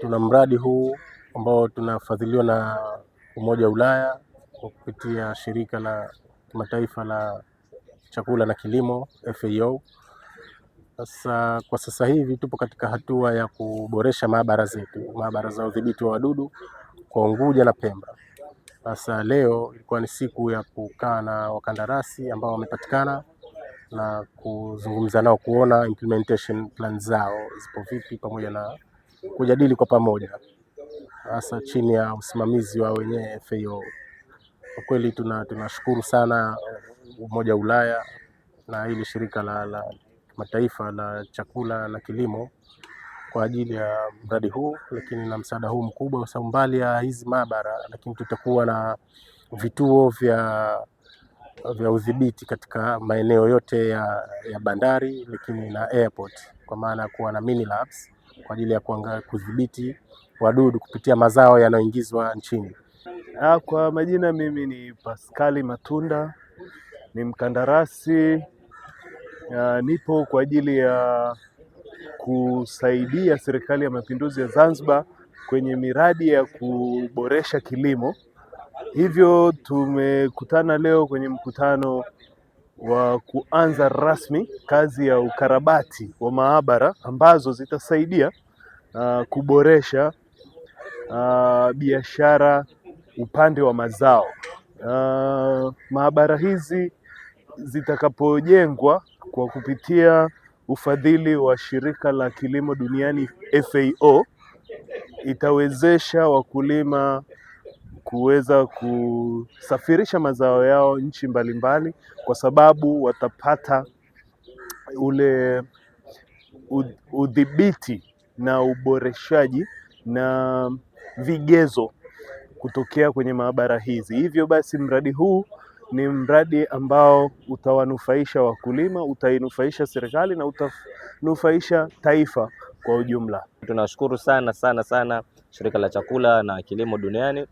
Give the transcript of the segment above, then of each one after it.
tuna mradi huu ambao tunafadhiliwa na Umoja wa Ulaya kwa kupitia shirika la kimataifa la chakula na kilimo FAO. Sasa kwa sasa hivi tupo katika hatua ya kuboresha maabara zetu, maabara za udhibiti wa wadudu kwa Unguja na Pemba. Sasa leo ilikuwa ni siku ya kukaa na wakandarasi ambao wamepatikana na kuzungumza nao kuona implementation plan zao zipo vipi pamoja na kujadili kwa pamoja, hasa chini ya usimamizi wa wenyewe FAO. Kwa kweli tunashukuru tuna sana Umoja wa Ulaya na hili shirika la, la kimataifa la chakula na kilimo kwa ajili ya mradi huu, lakini na msaada huu mkubwa, kwa sababu mbali ya hizi maabara, lakini tutakuwa na vituo vya vya udhibiti katika maeneo yote ya, ya bandari, lakini na airport, kwa maana ya kuwa na mini labs kwa ajili ya kudhibiti wadudu kupitia mazao yanayoingizwa nchini. Ah, kwa majina, mimi ni Paskali Matunda, ni mkandarasi ya, ah, nipo kwa ajili ya kusaidia serikali ya mapinduzi ya Zanzibar kwenye miradi ya kuboresha kilimo. Hivyo tumekutana leo kwenye mkutano wa kuanza rasmi kazi ya ukarabati wa maabara ambazo zitasaidia uh, kuboresha uh, biashara upande wa mazao. Uh, maabara hizi zitakapojengwa kwa kupitia ufadhili wa shirika la kilimo duniani FAO itawezesha wakulima kuweza kusafirisha mazao yao nchi mbalimbali, kwa sababu watapata ule udhibiti na uboreshaji na vigezo kutokea kwenye maabara hizi. Hivyo basi mradi huu ni mradi ambao utawanufaisha wakulima, utainufaisha serikali na utanufaisha taifa kwa ujumla. Tunashukuru sana sana sana Shirika la Chakula na Kilimo Duniani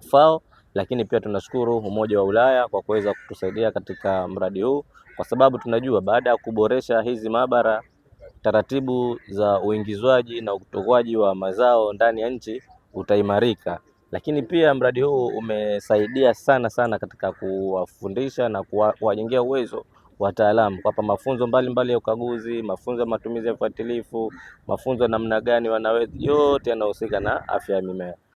FAO, lakini pia tunashukuru Umoja wa Ulaya kwa kuweza kutusaidia katika mradi huu, kwa sababu tunajua baada ya kuboresha hizi maabara, taratibu za uingizwaji na utokwaji wa mazao ndani ya nchi utaimarika. Lakini pia mradi huu umesaidia sana sana katika kuwafundisha na kuwajengea uwezo wataalamu kuwapa mafunzo mbalimbali mbali ya ukaguzi, mafunzo ya matumizi ya viuatilifu, mafunzo namna gani wanaweza, yote yanahusika na afya ya mimea.